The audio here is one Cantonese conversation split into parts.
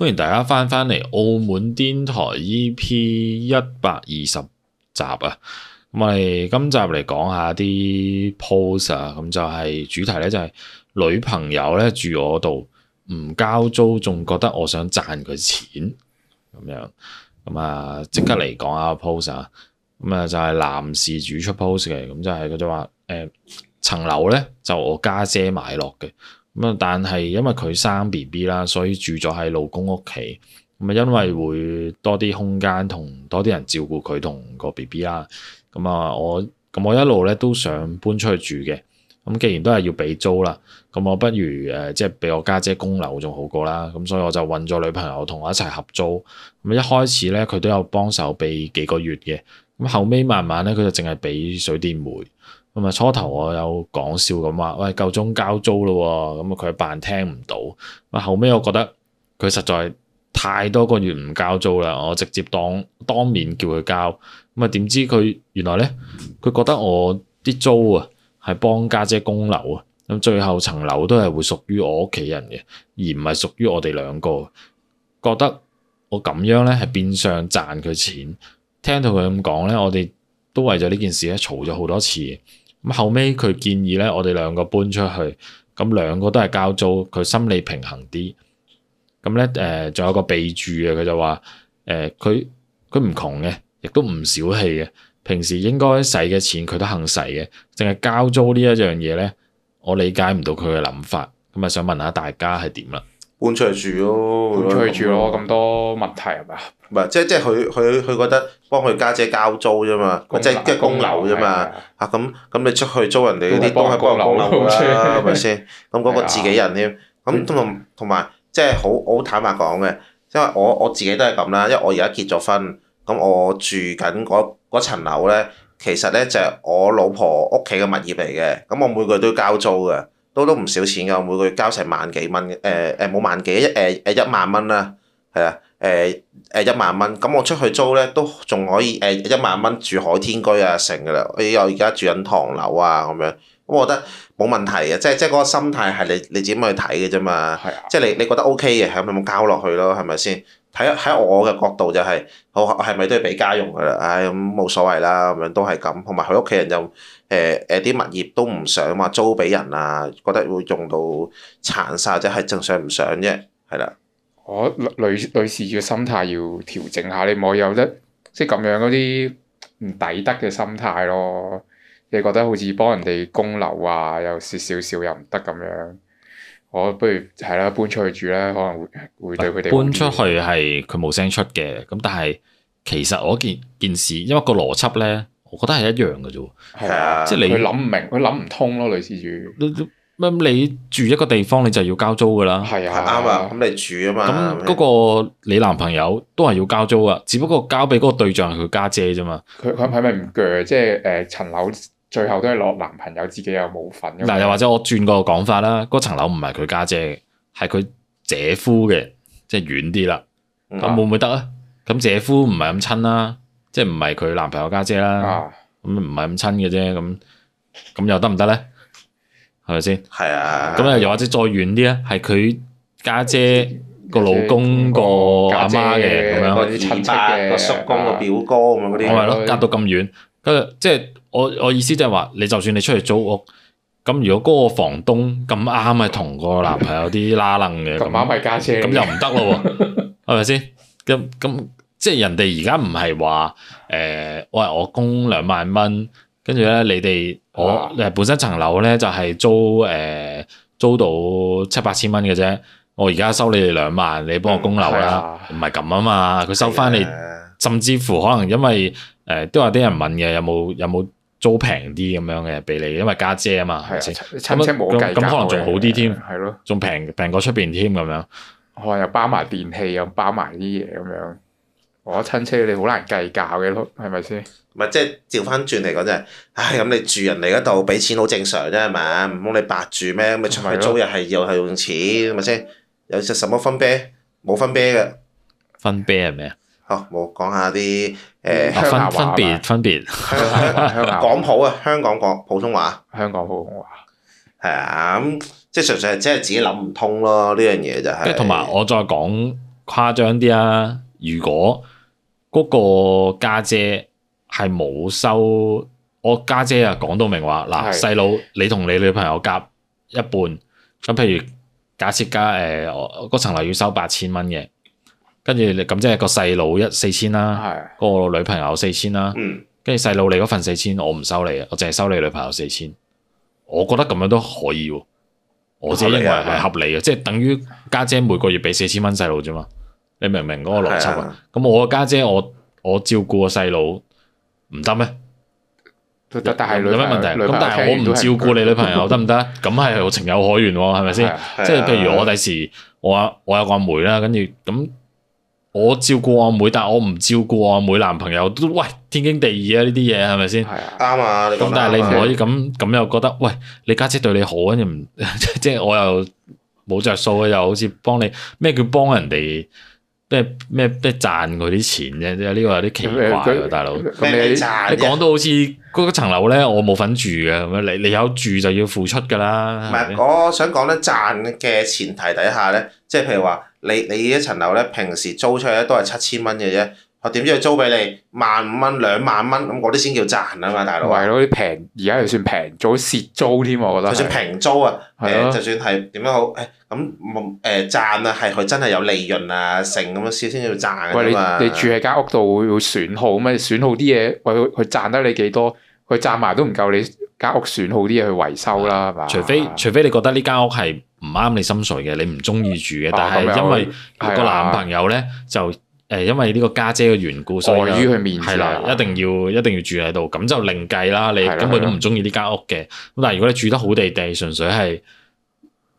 歡迎大家翻返嚟澳門癲台 EP 一百二十集啊！咁我哋今集嚟講下啲 pose 咁就係主題呢，就係女朋友呢住我度唔交租，仲覺得我想賺佢錢咁樣。咁啊，即刻嚟講下 pose 啊！咁啊就係男事主出 pose 嘅，咁就係佢就話誒層樓呢，就我家姐買落嘅。咁啊，但係因為佢生 B B 啦，所以住咗喺老公屋企。咁啊，因為會多啲空間同多啲人照顧佢同個 B B 啦。咁啊，我咁我一路咧都想搬出去住嘅。咁既然都係要俾租啦，咁我不如誒、呃、即係俾我家姐供樓仲好過啦。咁所以我就揾咗女朋友同我一齊合租。咁一開始咧，佢都有幫手俾幾個月嘅。咁後尾慢慢咧，佢就淨係俾水電煤。咁啊初頭我有講笑咁話，喂，夠鐘交租咯，咁啊佢扮聽唔到。啊後尾，我覺得佢實在太多個月唔交租啦，我直接當當面叫佢交。咁啊點知佢原來咧，佢覺得我啲租啊係幫家姐供樓啊，咁最後層樓都係會屬於我屋企人嘅，而唔係屬於我哋兩個。覺得我咁樣咧係變相賺佢錢。聽到佢咁講咧，我哋都為咗呢件事咧嘈咗好多次。咁後尾佢建議咧，我哋兩個搬出去，咁兩個都係交租，佢心理平衡啲。咁咧誒，仲、呃、有個備註啊，佢就話誒，佢佢唔窮嘅，亦都唔小氣嘅，平時應該使嘅錢佢都肯使嘅，淨係交租呢一樣嘢咧，我理解唔到佢嘅諗法，咁啊想問下大家係點啦？搬出去住咯，搬出去住咯，咁多問題係嘛？唔係，即係即係佢佢佢覺得幫佢家姐交租啫嘛，工即係即係供樓啫嘛。嚇咁咁你出去租人哋啲都係供樓啦，係咪先？咁、那、嗰個自己人添。咁同同埋即係好好坦白講嘅，因為我我，我自己都係咁啦。因為我而家結咗婚，咁我住緊嗰嗰層樓咧，其實咧就係我老婆屋企嘅物業嚟嘅。咁我每個月都要交租嘅。都都唔少錢噶，每個月交成萬幾蚊，誒誒冇萬幾，一誒誒、呃、一萬蚊啦，係啊，誒、呃、誒一萬蚊，咁我出去租咧都仲可以，誒、呃、一萬蚊住海天居啊，成噶啦，我又而家住緊唐樓啊，咁樣，咁我覺得冇問題嘅，即係即係嗰個心態係你你自己去睇嘅啫嘛，係啊即係你你覺得 OK 嘅，咁你咪交落去咯，係咪先？喺喺我嘅角度就係、好，我係咪都要俾家用噶啦？唉、哎，咁冇所謂啦，咁樣都係咁。同埋佢屋企人又，誒誒啲物業都唔想話租俾人啊，覺得會用到殘晒，或者係正常唔想啫，係啦。我女女士嘅心態要調整下，你唔可以有得即係咁樣嗰啲唔抵得嘅心態咯。你覺得好似幫人哋供樓啊，又蝕少，少少又唔得咁樣。我不如係啦，搬出去住啦，可能會會對佢哋搬出去係佢冇聲出嘅。咁但係其實我件件事，因為個邏輯咧，我覺得係一樣嘅啫，啊、即係你諗唔明，佢諗唔通咯，女事主。乜你，你住一個地方，你就要交租噶啦，係啊，啱啊。咁、啊、你住啊嘛。咁嗰個你男朋友都係要交租啊，只不過交俾嗰個對象係佢家姐啫嘛。佢佢係咪唔鋸？即係誒層樓。就是呃最後都係攞男朋友自己有冇份。嗱，又或者我轉過個講法啦，嗰層樓唔係佢家姐，係佢姐夫嘅，即係遠啲啦。咁會唔會得啊？咁姐夫唔係咁親啦，即係唔係佢男朋友家姐啦，咁唔係咁親嘅啫。咁咁又得唔得咧？係咪先？係啊。咁啊，又或者再遠啲啊？係佢家姐個老公個阿媽嘅咁樣，嗰啲親戚嘅、個叔公、個表哥咁樣嗰啲。咪係咯，隔到咁遠，跟住即係。我我意思即係話，你就算你出去租屋，咁如果嗰個房東咁啱係同個男朋友啲拉楞嘅，咁啱係家車，咁又唔得咯，係咪先？咁咁即係人哋而家唔係話誒，喂我供兩萬蚊，跟住咧你哋我誒、啊、本身層樓咧就係租誒、呃、租到七八千蚊嘅啫，我而家收你哋兩萬，你幫我供樓啦，唔係咁啊嘛，佢收翻你，的甚至乎可能因為誒、呃、都有啲人問嘅有冇有冇？有租平啲咁樣嘅俾你，因為家姐啊嘛，係咪先？親戚冇計較，咁可能仲好啲添，係咯，仲平平過出邊添咁樣。哇、哦！又包埋電器，又包埋啲嘢咁樣。我、哦、親戚你好難計較嘅咯，係咪先？咪、嗯，即係調翻轉嚟講，即係，唉，咁你住人哋嗰度俾錢好正常啫，係咪？唔好你白住咩？咁你出埋租又係又係用錢，係咪先？有隻的什麼分啤？冇分啤嘅， 分啤係咩啊？好，我講下啲誒、呃啊、鄉下話分別分別，香港普啊，香港講普通話，話 香港普通話係啊，咁即係純粹係即係自己諗唔通咯，呢樣嘢就係、是。跟住同埋我再講誇張啲啊，如果嗰個家姐係冇收，我家姐啊講到明話嗱，細佬你同你女朋友夾一半，咁譬如假設夾誒嗰層樓要收八千蚊嘅。跟住你咁即係個細路一四千啦，係個女朋友四千啦，跟住細路你嗰份四千我唔收你啊，我淨係收你女朋友四千，我覺得咁樣都可以，我自己認為係合理嘅，即係等於家姐每個月俾四千蚊細路啫嘛，你明唔明嗰個邏輯啊？咁我個家姐我我照顧個細路唔得咩？有咩問題？咁但係我唔照顧你女朋友得唔得？咁係情有可原係咪先？即係譬如我第時我我有個阿妹啦，跟住咁。我照顧我妹，但係我唔照顧我妹男朋友都，都喂天經地義啊！呢啲嘢係咪先？係啊，啱啊。咁但係你唔可以咁咁又覺得喂，你家姐，姐對你好，跟你唔即係我又冇着數，又好似幫你咩叫幫人哋咩咩咩賺佢啲錢啫？即係呢個有啲奇怪喎、啊，大佬。咁你你講到好似嗰層樓咧，我冇份住嘅，咁樣你你有住就要付出噶啦。唔係，我想講咧賺嘅前提底下咧，即係譬如話。你你一層樓咧，平時租出去咧都係七千蚊嘅啫，我點知佢租俾你萬五蚊、兩萬蚊咁嗰啲先叫賺啊嘛，大佬。係咯，啲平而家又算平，仲好蝕租添，我覺得的、欸。就算平租啊，誒，就算係點樣好，誒咁誒賺啊，係佢真係有利潤啊，成咁先先至賺㗎嘛。喂，你你住喺間屋度會會損耗咩？損耗啲嘢，喂佢佢賺得你幾多？佢賺埋都唔夠你間屋損耗啲嘢去維修啦，係嘛的？除非除非你覺得呢間屋係。唔啱你心水嘅，你唔中意住嘅，但係因為個男朋友呢，啊啊啊、就誒，因為呢個家姐嘅緣故，所以礙於佢面子、啊，啦、啊，一定要一定要住喺度，咁就另計啦。你根本都唔中意呢間屋嘅。咁、啊啊、但係如果你住得好地地，純粹係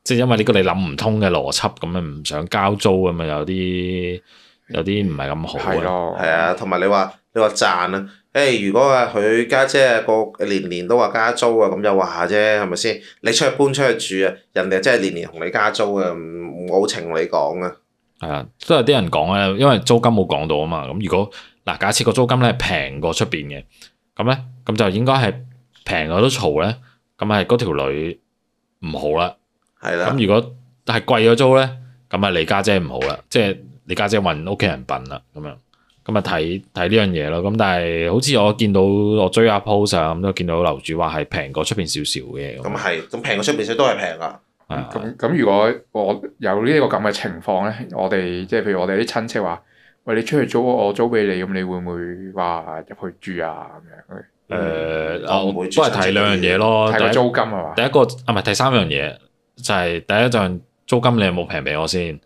即係因為呢個你諗唔通嘅邏輯，咁咪唔想交租咁咪有啲有啲唔係咁好。係咯。係啊，同埋你話你話賺啊。誒，hey, 如果啊，佢家姐個年年都話加租啊，咁就話下啫，係咪先？你出去搬出去住啊，人哋真係年年同你加租啊，唔好、嗯、情你講啊。係啊，都有啲人講咧，因為租金冇講到啊嘛。咁如果嗱、啊，假設個租金咧係平過出邊嘅，咁咧咁就應該係平咗都嘈咧。咁係嗰條女唔好啦。係啦的。咁如果但係貴咗租咧，咁啊你，家姐、就是、你家姐家姐唔好啦，即係你家姐搵屋企人笨啦，咁樣。咁咪睇睇呢樣嘢咯，咁但係好似我見到我追下 post 啊，咁都見到樓主話係平過出邊少少嘅。咁係、嗯，咁平過出邊少都係平啊。咁咁、嗯、如果我有呢個咁嘅情況咧，嗯、我哋即係譬如我哋啲親戚話，喂，你出去租，我租俾你，咁你會唔會話入去住啊？咁樣、嗯。誒、嗯，我不會都係睇兩樣嘢咯。睇租金啊嘛。第一個啊唔係第三樣嘢，就係、是、第一樣租金你有冇平俾我先？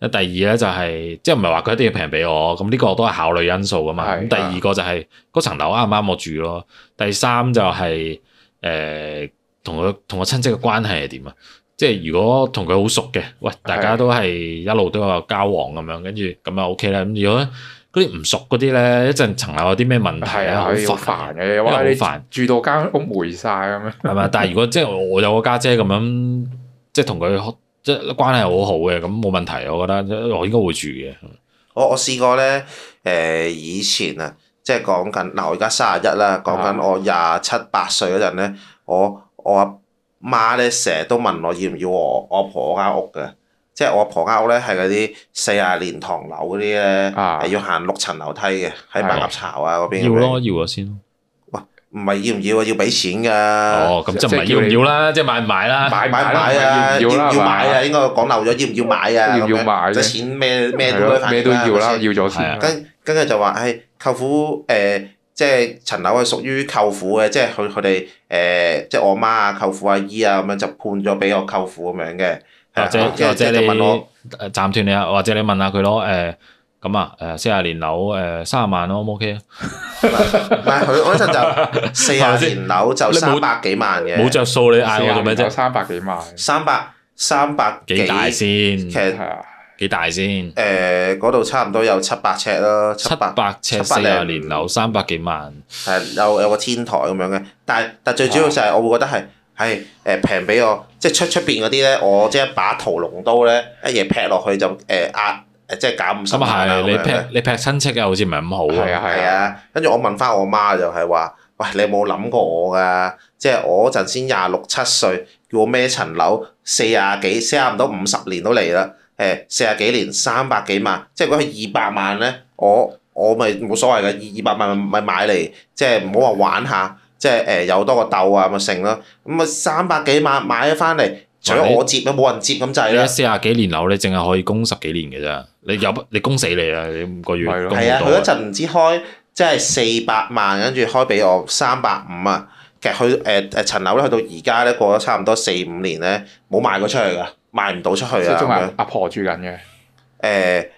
第二咧就係、是、即係唔係話佢一定要平俾我，咁呢個都係考慮因素噶嘛。咁是的 第二個就係、是、嗰、那個、層樓啱唔啱我住咯。第三就係誒同佢同我親戚嘅關係係點啊？即係如果同佢好熟嘅，喂，大家都係一路都有交往咁樣，跟住咁就 OK 啦。咁如果嗰啲唔熟嗰啲咧，一陣層樓有啲咩問題啊，好的煩嘅，話你煩住到間屋黴晒咁樣。係 嘛？但係如果即係我有個家姐咁樣，即係同佢。即係關係好好嘅，咁冇問題，我覺得我應該會住嘅。我我試過咧，誒、呃、以前啊，即係講緊嗱，我而家卅一啦，講緊我廿七八歲嗰陣咧，我我阿媽咧成日都問我要唔要我我婆嗰間屋嘅，即係我婆間屋咧係嗰啲四十年唐樓嗰啲咧，的要行六層樓梯嘅，喺白鴿巢啊嗰邊。的邊要咯，要咗先。唔係要唔要啊？要俾錢噶。哦，咁就唔係要唔要啦，即係買唔買啦？買買買啊！要要要買啊，應該講漏咗要唔要買啊？要要買。啲錢咩都咩都要啦，要咗錢。跟跟住就話，誒，舅父誒，即係層樓係屬於舅父嘅，即係佢佢哋誒，即係我媽啊、舅父阿姨啊咁樣就判咗俾我舅父咁樣嘅。或者或者你問我誒暫斷你啊，或者你問下佢咯，誒。咁啊，誒、呃、四十年樓誒、呃、三十萬咯，O 唔 O K 啊？唔係佢，我嗰陣就四十年樓就三百幾萬嘅。冇着，數你嗌我做咩啫？三百幾萬，三百三百幾大先，其實幾大先？誒嗰度差唔多有七百尺咯，七百，七百尺四十年樓、嗯、三百幾萬，係有有個天台咁樣嘅。但但最主要就係我會覺得係係誒平俾我，即係出出邊嗰啲咧，我即係一把屠龍刀咧，一嘢劈落去就誒、呃、壓。即係減五十萬啊，嗯、係係你劈你劈親戚嘅好似唔係咁好喎。啊係啊，跟住、啊嗯、我問翻我媽就係話，喂，你有冇諗過我㗎？即係我嗰陣先廿六七歲，要咩層樓？四廿幾，四廿唔多，五十年都嚟啦。誒四廿幾年三百幾萬，即係如果二百萬咧，我我咪冇所謂嘅，二二百萬咪咪買嚟，即係唔好話玩下，即係誒有多個竇啊咪成咯。咁啊三百幾萬買咗翻嚟。除咗我接，都冇人接咁滯咧。四廿幾年樓咧，淨係可以供十幾年嘅啫。你入，你供死你啊！你五個月供唔到。係啊，佢嗰陣唔知開，即係四百萬，跟住開俾我三百五啊。其實佢誒誒層樓咧，去到而家咧，過咗差唔多四五年咧，冇賣過出去㗎，賣唔到出去啊。阿婆住緊嘅。誒誒、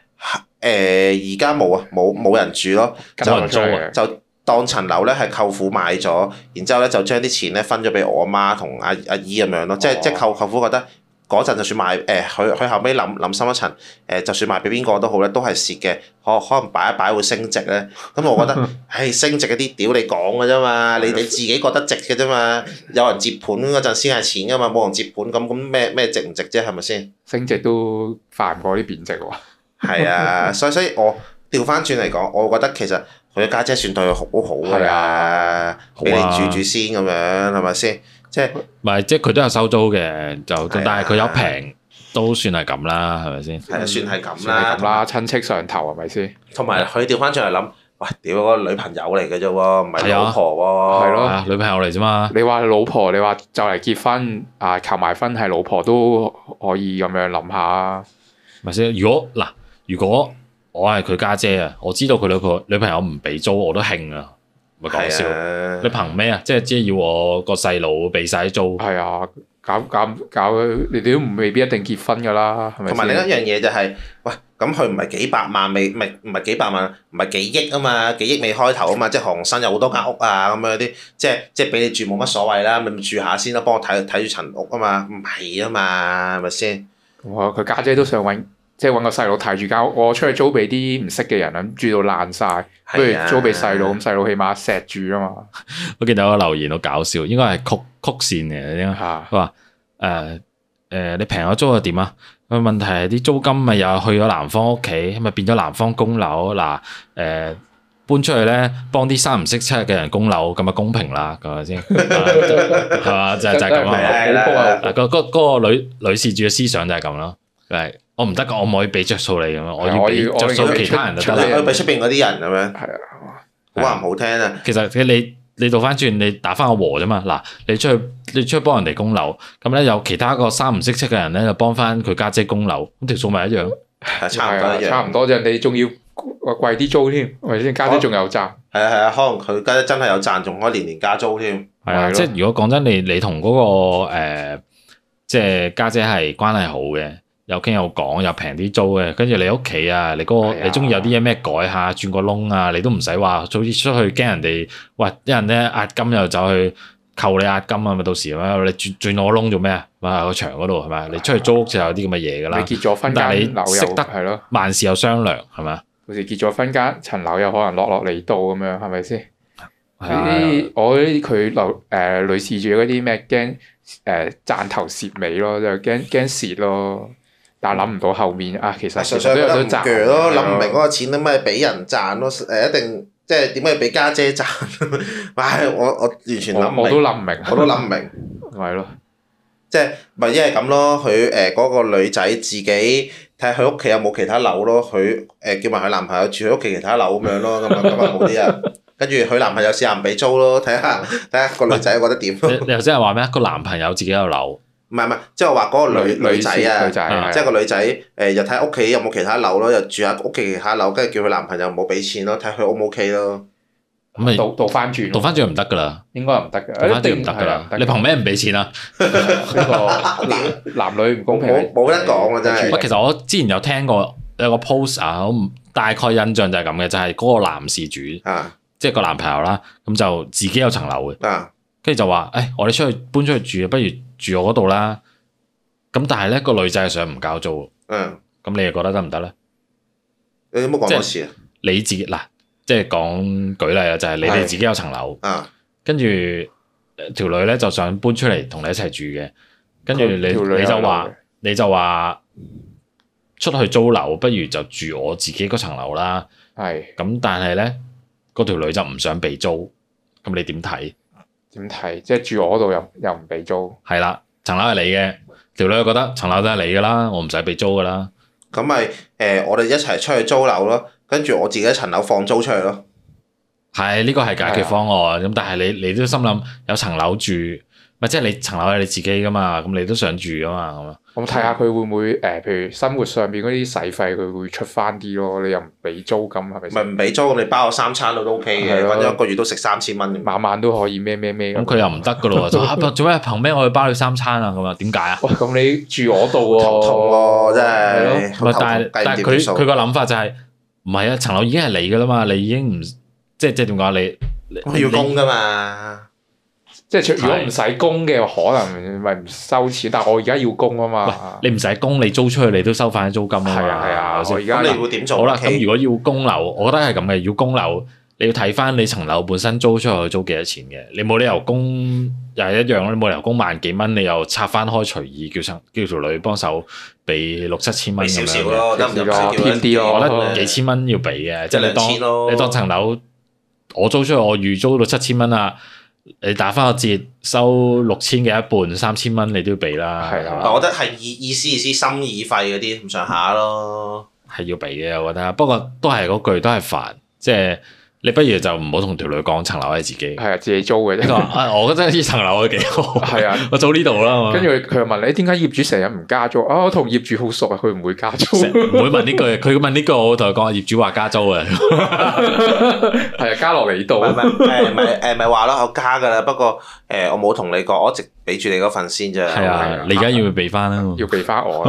呃，而家冇啊，冇冇人住咯，就就。就當層樓咧係舅父買咗，然之後咧就將啲錢咧分咗俾我阿媽同阿阿姨咁樣咯，哦、即係即係舅舅父覺得嗰陣就算賣誒，佢、呃、佢後尾諗諗深一層誒、呃，就算賣俾邊個都好咧，都係蝕嘅，可可能擺一擺會升值咧。咁我覺得，誒、 哎、升值嗰啲屌你講嘅啫嘛，你 你自己覺得值嘅啫嘛，有人接盤嗰陣先係錢噶嘛，冇人接盤咁咁咩咩值唔值啫，係咪先？升值都犯唔過啲貶值喎。係 啊，所以所以我調翻轉嚟講，我覺得其實。佢家姐，姐算對佢好、啊啊、好嘅、啊、呀，俾你住住先咁樣，係咪先？即係唔係？即係佢都有收租嘅，就、哎、呀但係佢有平，都算係咁啦，係咪先？係啊，嗯、算係咁啦，親、啊、有戚上頭係咪先？同埋佢調翻轉嚟諗，喂，屌個女朋友嚟嘅啫喎，唔係老婆喎，係咯，女朋友嚟啫、啊啊、了嘛。你話係老婆，你話就嚟結婚啊，求埋婚係老婆都可以咁樣諗下，係咪先？如果嗱，如果。如果如果我係佢家姐啊！我知道佢兩個女朋友唔俾租我都興啊！咪講笑，你憑咩啊？即係即係要我個細佬俾曬啲租？係啊，搞搞搞，你哋都未必一定結婚噶啦，係咪？同埋另一樣嘢就係，喂，咁佢唔係幾百萬未？唔係唔係幾百萬？唔係幾億啊嘛？幾億未開頭啊嘛？即係韓生有好多間屋啊咁樣啲，即係即係俾你住冇乜所謂啦，你咪住下先咯，幫我睇睇住層屋啊嘛，唔係啊嘛，係咪先？哇！佢家姐都想揾。即係揾個細佬太住交，ula, 我出去租俾啲唔識嘅人啊，住到爛晒，不如租俾細佬，咁細佬起碼錫住啊嘛。我見到個留言好搞笑，應該係曲曲線嘅，點啊？佢話誒誒，你平咗租又點啊？佢問題係啲租金咪又去咗男方屋企，咪變咗男方供樓嗱？誒、呃，搬出去咧，幫啲三唔識七嘅人供樓，咁咪公平啦，係咪先？係嘛，就就咁啊？嗱，嗰嗰個女女事主嘅思想就係咁咯。係，我唔得噶，我唔可以俾着數你咁啊！我要俾著數其他人就得啦。去俾出邊嗰啲人咁樣，係啊，好話唔好聽啊。其實你你倒翻轉，你打翻個和啫嘛。嗱，你出去你出去幫人哋供樓，咁咧有其他個三唔識七嘅人咧，就幫翻佢家姐供樓，咁條數咪一樣，啊、差唔多一樣。 差唔多啫，你仲要貴啲租添，係咪先？家姐仲有賺，係啊係啊，可能佢家姐真係有賺，仲可以年年加租添。係啊、那個呃，即係如果講真，你你同嗰個誒，即係家姐係關係好嘅。有傾有講，又平啲租嘅，跟住你屋企啊，你嗰、嗰個啊、你中意有啲嘢咩改下，轉個窿啊，你都唔使話早啲出去驚人哋，喂，一人咧押金又走去扣你押金啊咪到時咁啊，你轉，轉我個窿做咩啊？哇！個牆嗰度係咪？啊、你出去租屋就有啲咁嘅嘢㗎啦。你結但係你識得係咯，萬事有商量係咪啊？到時結咗婚間層樓又可能落落嚟到咁樣係咪先？呢啲我呢啲佢樓誒類似住嗰啲咩驚誒賺頭蝕尾咯，就驚驚蝕咯。但係諗唔到後面啊，其實全部人都賺咯，諗唔明嗰個錢點解俾人賺咯？誒，一定即係點解俾家姐賺？唉，我我完全諗唔明，我都諗唔明，我都諗唔明，咪係咯？即係咪因為咁咯？佢誒嗰個女仔自己睇下佢屋企有冇其他樓咯？佢誒叫埋佢男朋友住佢屋企其他樓咁樣咯，咁啊咁啊冇啲啊，跟住佢男朋友試下唔俾租咯，睇下睇下個女仔覺得點？你頭先係話咩啊？個男朋友自己有樓。唔係唔係，即係話嗰個女女仔啊，即係個女仔誒，又睇屋企有冇其他樓咯，又住下屋企其他樓，跟住叫佢男朋友冇俾錢咯，睇佢 O 唔 OK 咯。咁咪倒倒翻轉，倒翻轉唔得㗎啦。應該唔得㗎，一定唔得㗎。你憑咩唔俾錢啊？呢個男女唔公平，冇得講㗎真係。其實我之前有聽過有個 post 啊，我大概印象就係咁嘅，就係嗰個男事主啊，即係個男朋友啦，咁就自己有層樓嘅，跟住就話誒，我哋出去搬出去住，啊，不如。住我嗰度啦，咁但係咧、個女仔係想唔交租嘅，咁、嗯、你又覺得得唔得咧？你有冇講過事啊？你自己嗱，即係講舉例啊，就係、是、你哋自己有層樓，啊、跟住條女咧就想搬出嚟同你一齊住嘅，跟住你跟你，你就話你就話出去租樓，不如就住我自己嗰層樓啦。係的。咁但係咧，嗰條女就唔想被租，咁你點睇？點睇？即係住我嗰度又又唔俾租？係啦，層樓係你嘅，條女覺得層樓都係你㗎啦，我唔使俾租㗎啦。咁咪誒，我哋一齊出去租樓咯，跟住我自己一層樓放租出去咯。係，呢個係解決方案。咁的但係你你都心諗有層樓住，咪即係你層樓係你自己噶嘛，咁你都想住噶嘛，咁啊？我睇下佢會唔會誒，譬如生活上邊嗰啲使費，佢會出翻啲咯。你又唔俾租金，係咪先？咪唔俾租，你包我三餐都 O K 嘅，反正一個月都食三千蚊，晚晚都可以咩咩咩咁，佢又唔得噶咯喎！做咩憑咩我可以包你三餐啊？咁啊，點解啊？喂，咁你住我度喎，痛真係。但係但係佢佢個諗法就係，唔係啊？層樓已經係你噶啦嘛，你已經唔即係即係點講啊？你要供噶嘛？即係如果唔使供嘅，可能咪唔收錢。但係我而家要供啊嘛。你唔使供，你租出去你都收翻啲租金啊嘛。係啊，所以而家你會點做？好啦吧，咁以如果要供樓，我覺得係咁嘅。要供樓，你要睇翻你層樓本身租出去租幾多錢嘅。你冇理由供又係一樣，你冇理由供萬幾蚊，你又拆翻開隨意叫上叫條女幫手俾六七千蚊咁樣咯。我覺得幾千蚊要俾嘅，即係你當你當層樓，我租出去，我預租，出去我預租到七千蚊啊。你打翻個折收六千嘅一半三千蚊，3, 你都要俾啦，係啦的。吧我覺得係意意思意思心意費嗰啲咁上下咯，係要俾嘅，我覺得。不過都係嗰句，都係煩，即係。你不如就唔好同條女講層樓係自己，係啊，自己租嘅一個。 啊，我覺得呢層樓都幾好。係啊的，我租呢度啦。跟住佢又問你點解、欸、業主成日唔加租，啊、哦，我同業主好熟啊，佢唔會加租，唔會問呢句。佢 問呢句，句，我同佢講業主話加租嘅。係 啊， 加落嚟呢度，誒，咪係誒，唔話咯，我加噶啦。不過誒，我冇同你講，我一直俾住你嗰份先咋。係啊，你而家要唔 要俾翻啊？要俾翻我。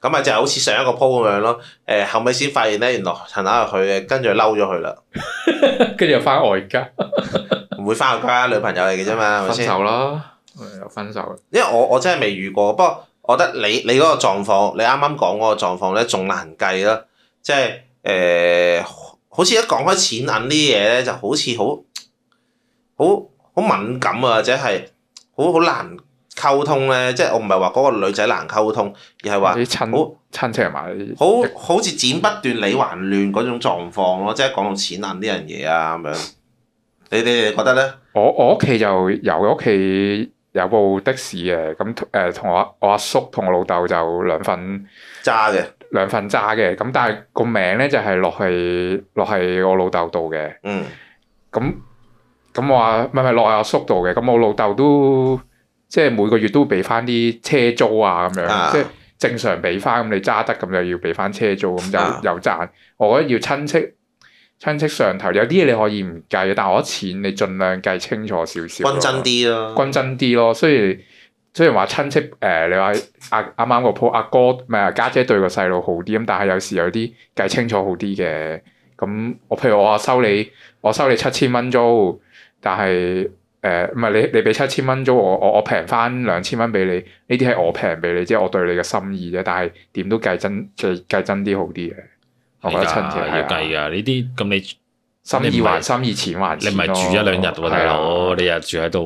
咁 啊，就係好似上一個鋪咁樣咯。誒， 後尾先發現咧，原來層樓係佢嘅，跟住嬲咗佢啦。 跟住 又翻外 家，唔會翻外家，女朋友嚟嘅啫嘛，咪先？ 分手啦，又分手。因為我我真係未遇過，不過我覺得你你嗰個狀況，你啱啱講嗰個狀況咧，仲難計啦。即係誒，好似一講開錢銀呢啲嘢，咧，就好似好好好敏感啊，或者係好好難。溝通咧，即係我唔係話嗰個女仔難溝通，而係話啲親好親戚啊嘛，好好似剪不斷理還亂嗰種狀況咯。即係講到錢銀呢樣嘢啊咁樣，你哋覺得咧？我我屋企就有屋企有部的士嘅，咁誒同我我阿叔同我老豆就兩份揸嘅，的兩份揸嘅。咁但係個名咧就係、係、落去，落去我老豆度嘅。嗯。咁咁我話唔係唔係落阿叔度嘅，咁我老豆都。即係每個月都俾翻啲車租啊咁樣，啊、即係正常俾翻咁你揸得咁就要俾翻車租，咁就又、啊、賺。我覺得要親戚親戚上頭，有啲嘢你可以唔計，但係我覺得錢你盡量計清楚少少，均真啲咯、啊，均真啲咯。雖然雖然話親戚誒、呃，你話阿啱啱個鋪阿、啊、哥唔係家姐對個細路好啲咁，但係有時有啲計清楚好啲嘅。咁我譬如我收你，我收你七千蚊租，但係。誒唔係你你俾七千蚊租我我我平翻兩千蚊俾你，呢啲係我平俾你，即係我,我對你嘅心意啫。但係點都計真計計真啲好啲嘅，的我覺得親戚係要計噶。呢啲咁你心意還心意，錢還錢、啊、你唔係住一兩日喎、啊，大佬我的你日住喺度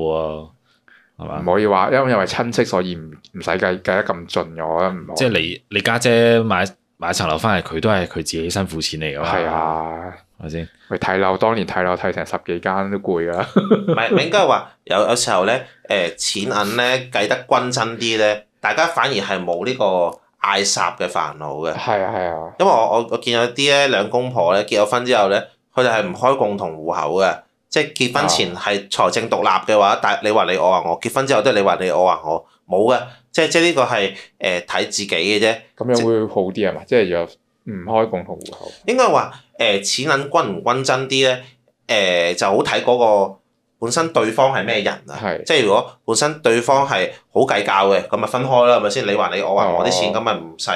喎，係嘛的？唔吧可以話，因為,因為親戚所以唔唔使計計得咁盡我。即係你你家姐,姐買買層樓翻嚟，佢都係佢自己辛苦錢嚟㗎嘛。啊的。的係咪先樓？喂，睇樓當年睇樓睇成十幾間都攰噶啦。唔 係，唔應該話有有時候咧，誒、呃，錢銀咧計得均真啲咧，大家反而係冇呢個嗌霎嘅煩惱嘅。係啊，係啊。因為我我我見有啲咧兩公婆咧結咗婚之後咧，佢哋係唔開共同戶口嘅，即係結婚前係財政獨立嘅話，但你話你，我話我，結婚之後都係你話你，我話我，冇嘅。即係即係呢個係誒睇自己嘅啫。咁樣會好啲係嘛？即係有。 唔開共同戶口，應該話誒錢銀均唔均真啲咧？誒就好睇嗰個本身對方係咩人啦。係，即係如果本身對方係好計較嘅，咁咪分開啦，係咪先？你話你，我話我啲錢，咁咪唔使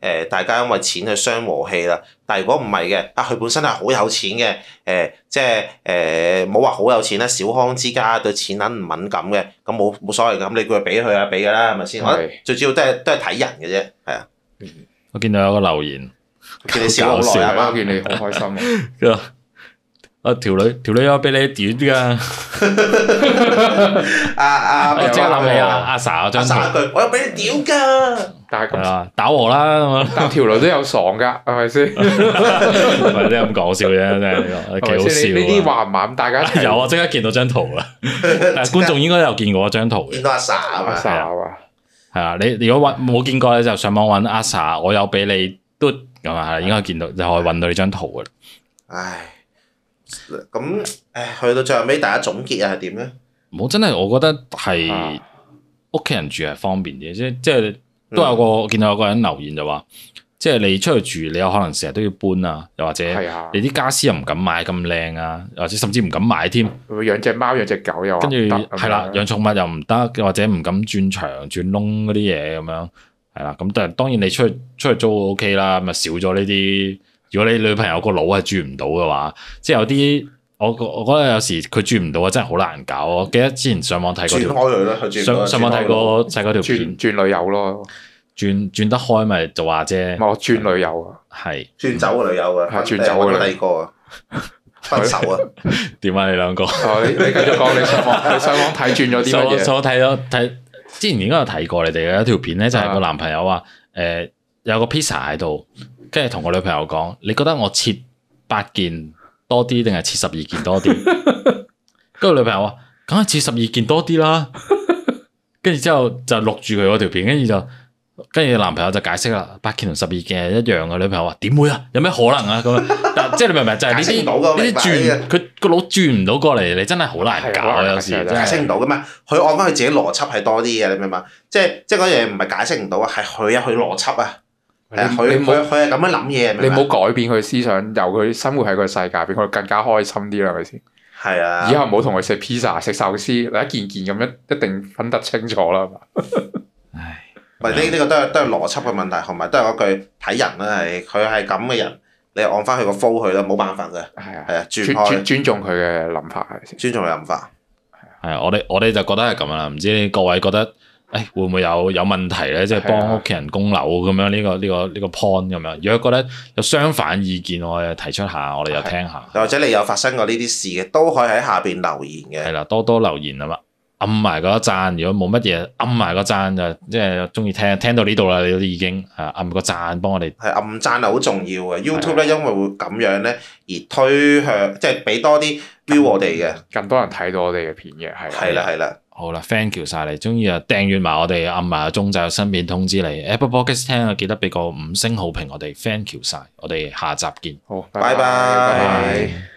誒大家因為錢去傷和氣啦。但係如果唔係嘅，啊佢本身係好有錢嘅，誒即係誒冇話好有錢啦，小康之家對錢銀唔敏感嘅，咁冇冇所謂嘅，咁你叫佢俾佢啊俾㗎啦，係咪先？最主要都係都係睇人嘅啫，係啊。我見到有個留言。見你笑啊，見你好開心啊！條女，條女我俾你屌噶。即刻諗起啊，阿 sa 張我有俾你屌噶。但係咁打我啦，咁條女都有爽噶，係咪先？即係咁講笑啫，真係幾好笑。呢啲話唔埋大家有啊，即刻見到張圖啦。但係觀眾應該有見過一張圖。見到阿 sa 啊嘛，係啊。你如果冇見過你就上網搵阿 sa，我有俾你都。咁啊，應該見到的就可以揾到呢張圖嘅。唉，咁唉，去到最後尾，大家總結又係點咧？好真係，我覺得係屋企人住係方便嘅。啊、即即係都有個見到有個人留言就話，即係你出去住，你有可能成日都要搬啊，又或者你啲家私又唔敢買咁靚啊，又又或者甚至唔敢買添。會養隻貓、養隻狗又跟住係啦，養寵物又唔得，或者唔敢轉牆、轉窿嗰啲嘢咁樣。係啦，咁但係當然你出去出去租 O K 啦，咪少咗呢啲。如果你女朋友個腦係轉唔到嘅話，即係有啲我我覺得有時佢轉唔到啊，真係好難搞。我記得之前上網睇過，轉開佢啦，上上網睇過睇嗰條片，轉女友咯，轉轉得開咪就話啫。唔轉女友啊，係轉走個女友啊，我轉走第二個，分手啊？點解你兩個？你你繼續講你上網，你上網睇轉咗啲乜嘢？我我睇咗睇。之前應該有睇過你哋嘅一條片咧，就係、是、個男朋友話，誒、呃，有個 pizza 喺度，跟住同個女朋友講，你覺得我切八件多啲定係切十二件多啲？跟住 女朋友話梗係切十二件多啲啦，跟住之後就錄住佢嗰條片，跟住就。跟住男朋友就解釋啦，八件同十二件係一樣嘅。女朋友話點會啊？有咩可能啊？咁啊，但係即係你明唔明？就係呢啲呢啲轉佢個腦轉唔到過嚟，你真係好難搞。有時解釋唔到嘅嘛，佢按翻佢自己邏輯係多啲嘅。你明唔明？即係即係嗰樣嘢唔係解釋唔到啊，係佢啊，佢邏輯啊，佢佢係咁樣諗嘢。你冇改變佢思想，由佢生活喺佢世界，俾佢更加開心啲啦，係咪先？係啊，以後唔好同佢食 pizza 食壽司，你一件件咁樣一定分得清楚啦。唔係呢，呢個都係都係邏輯嘅問題，同埋都係嗰句睇人啦，係佢係咁嘅人，你按翻佢個 flow 去啦，冇辦法嘅。係啊，係啊，尊尊重佢嘅諗法，尊重佢諗法。係啊，我哋我哋就覺得係咁啦，唔知各位覺得誒會唔會有有問題咧？即係幫屋企人供樓咁樣呢個呢個呢個 point 咁樣。如果覺得有相反意見，我哋提出下，我哋又聽下。或者你有發生過呢啲事嘅，都可以喺下邊留言嘅。係啦，多多留言啊嘛～暗埋嗰個讚，如果冇乜嘢，暗埋個讚就即係中意聽，聽到呢度啦，你都已經係暗個讚，幫我哋係暗讚係好重要嘅。YouTube 咧的，因為會咁樣咧而推向，即係俾多啲 view 我哋嘅，更多人睇到我哋嘅片嘅，係係啦係啦。好啦了，thank you 晒你，中意啊訂閱埋我哋，暗埋鐘有新片通知你。Apple Podcast 聽啊，記得俾個五星好評我哋。thank you 晒，我哋下集見。好，拜拜。